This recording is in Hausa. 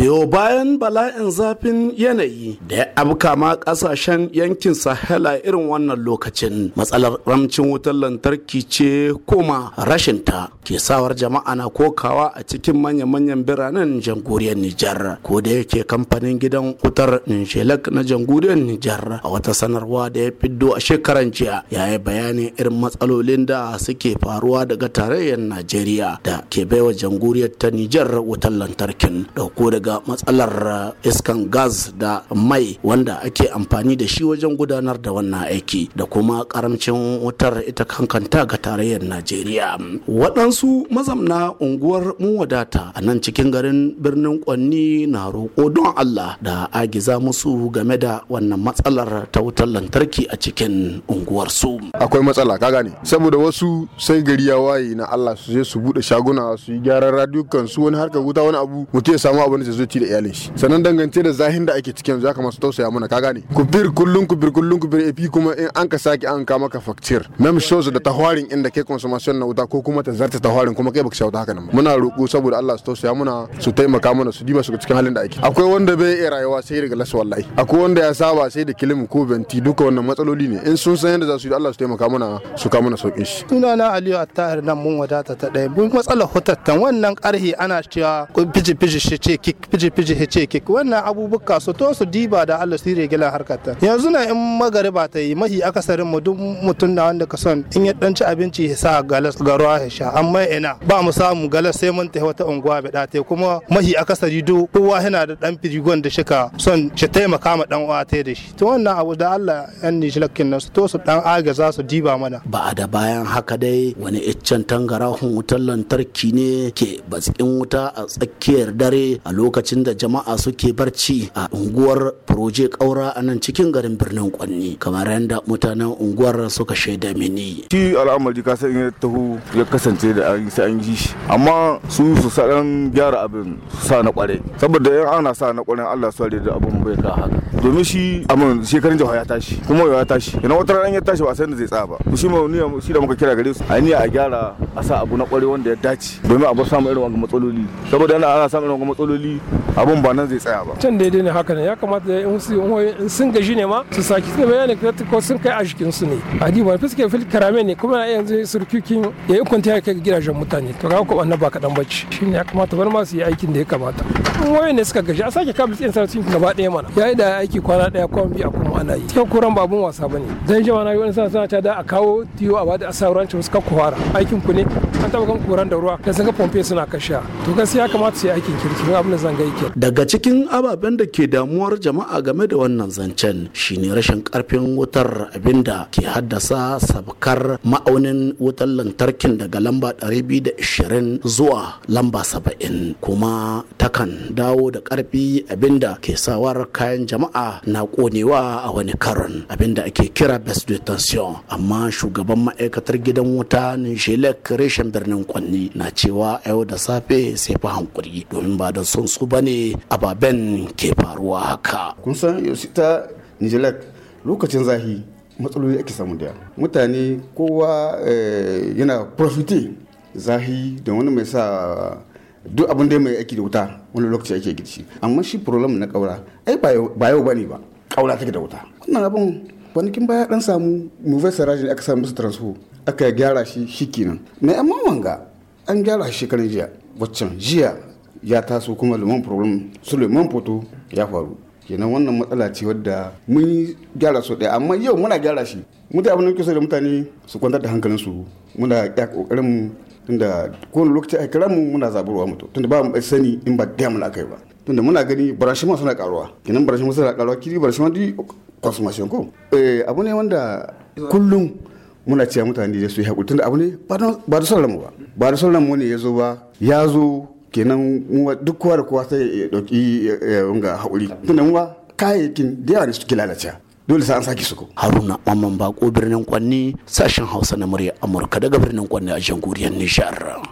biyo bayan bala'in zafin yanayi da ya abka ma kasashen yankin sahela irin wannan lokacin matsalar ramcin wutar lantarki ce kuma ta ke sawar jama'a na kokawa a cikin manya-manyan biranen jamhuriyar nijar ko da yake kamfanin gidan wutar nishelak na jamhuriyar nijar a wata sanarwa da ya fiddo a shekaran jiya ya yi bayani irin matsalolin da suke faruwa daga tarayyar najeriya da ke baiwa jamhuriyar ta nijar wutar lantarkin dauko daga ga matsalar uh, iskan gas da mai wanda ake amfani da shi wajen gudanar da wannan aiki da kuma karamcin wutar ita kankanta ga tarayyar najeriya waɗansu mazamna unguwar muwadata a nan cikin garin birnin kwanni na roƙo don allah da agiza musu game da wannan matsalar ta wutar lantarki a cikin unguwarsu akwai matsala ka gane saboda wasu sai gari ya waye na allah su je su buɗe shaguna su yi gyaran radiyo su wani harkar wuta wani abu mutum ya samu abu da zai ci da iyalin shi sannan dangance da zahin da ake cikin ya kamata su tausaya mana ka gane ku bir kullun ku bir kullun ku bir epi kuma in an ka saki an ka maka facture mem shows da tahwarin inda ke consumption na wuta ko kuma ta zarta tahwarin kuma kai baka shawo haka nan muna roƙo saboda Allah su tausaya mana su taimaka mana su dima su cikin halin da ake akwai wanda bai iya rayuwa sai daga las wallahi akwai wanda ya saba sai da kilim ko benti duka wannan matsaloli ne in sun san yadda za su yi Allah su taimaka mana su ka mana saukin shi sunana Aliyu Attahir nan mun wadata ta ɗaya mun matsalar hutattan wannan ƙarhi ana cewa ku fiji fiji shi ce fiji-fiji hece kik wannan abubuwa su to su diba da Allah su la harkata yanzu na in magariba ta yi mahi akasarin mu duk mutum da wanda ka son in ya danci abinci ya sa galas ga ruwa ya sha amma ina ba mu samu galas sai mun tafi wata unguwa bada ta kuma mahi akasari du kowa yana da dan firigon da shika son shi taimaka ma dan uwa ta da shi to wannan abu da Allah yan nishlakin nan su to su dan za su diba mana ba da bayan haka dai wani iccen tangarahun wutar lantarki ne ke batsikin wuta a tsakiyar dare a lokacin lokacin da jama'a suke barci a unguwar proje kaura a nan cikin garin birnin kwanni kamar yadda mutanen unguwar suka shaida mini shi al'amari ka san ya taho ya kasance da an sai an yi shi amma su su gyara abin su sa na kware saboda yan ana sa na kware Allah su da abin bai ka haka domin shi a amin shekarun jihar ya tashi kuma ya tashi yana wata ran ya tashi ba san da zai tsaya ba shi ma ni shi da muka kira gare su ai ni a gyara a sa abu na kware wanda ya dace domin abu samu irin wannan matsaloli saboda yana ana samu irin wannan matsaloli abun ba nan zai tsaya ba can daidai ne haka ne ya kamata in su in sun gaji ne ma su saki su bayani ka ko sun kai a jikin su ne a ji ba fiske fil karame ne kuma yanzu surkukin ya yi kwanta ya kai gidajen mutane to ga ku ko ba kadan bacci shi ne ya kamata bar ma su yi aikin da ya kamata wayoyin ne suka gaji a sake kabil din sarkin gaba ɗaya mana yayi da aiki kwana daya kwan biyu a kuma ana yi cikin kuran ba ne. wasa bane dan jama'a na wani sana ta da a kawo tiyo a bada asawuran ci suka kuwara aikin ku ne an taba kan kuran da ruwa da sanga pompe suna kasha to gaskiya kamata su yi aikin kirki abin da zan ga yake daga cikin ababen da ke damuwar jama'a game da wannan zancen shine rashin karfin wutar abinda ke haddasa sabkar ma'aunin wutar lantarkin daga lamba 220 zuwa lamba saba'in kuma takan dawo da karfi abinda ke sawar kayan jama'a jama'a na konewa a wani karon abinda ake kira best de tension amma shugaban ma'aikatar gidan wuta nishelek reshen birnin kwanni na cewa yau da safe sai fi hankuri domin ba da son su bane ababen ke faruwa haka kun san yosita nishelek lokacin zahi matsaloli ake samu da mutane kowa eh, yana profiti zahi da wani mai sa duk abin da mai aiki da wuta wani lokaci ake girki amma shi problem na kaura ai ba yau bane ba kaura take da wuta wannan abin kwanakin baya dan samu movie sarajin aka samu su transfo aka gyara shi shikenan mai amma wanga an gyara shi shekaran jiya waccan jiya ya taso kuma liman problem suleiman foto ya faru kenan wannan matsala ce wadda mun gyara su ɗaya amma yau muna gyara shi mutane abin da so da mutane su kwantar da hankalinsu muna ƙoƙarin tunda kowane lokaci a kira mu muna zaburwa mutu tunda ba mu sani in ba gaya muna kai ba tunda muna gani barashima suna karuwa kinan barashima suna karuwa kiri barashima di consumption ko eh abu ne wanda kullum muna cewa mutane da su yi haƙuri tunda abu ne ba da son mu ba ba da son mu ne ya zo ba ya zo kenan duk kowa da kowa sai ya ɗauki ya haƙuri tunda mu ba kayayyakin da yawa ne suke lalacewa dole sai an sake su haruna mamman bako birnin kwanni sashen hausa na murya amurka daga birnin kwanni a jamhuriyar nijar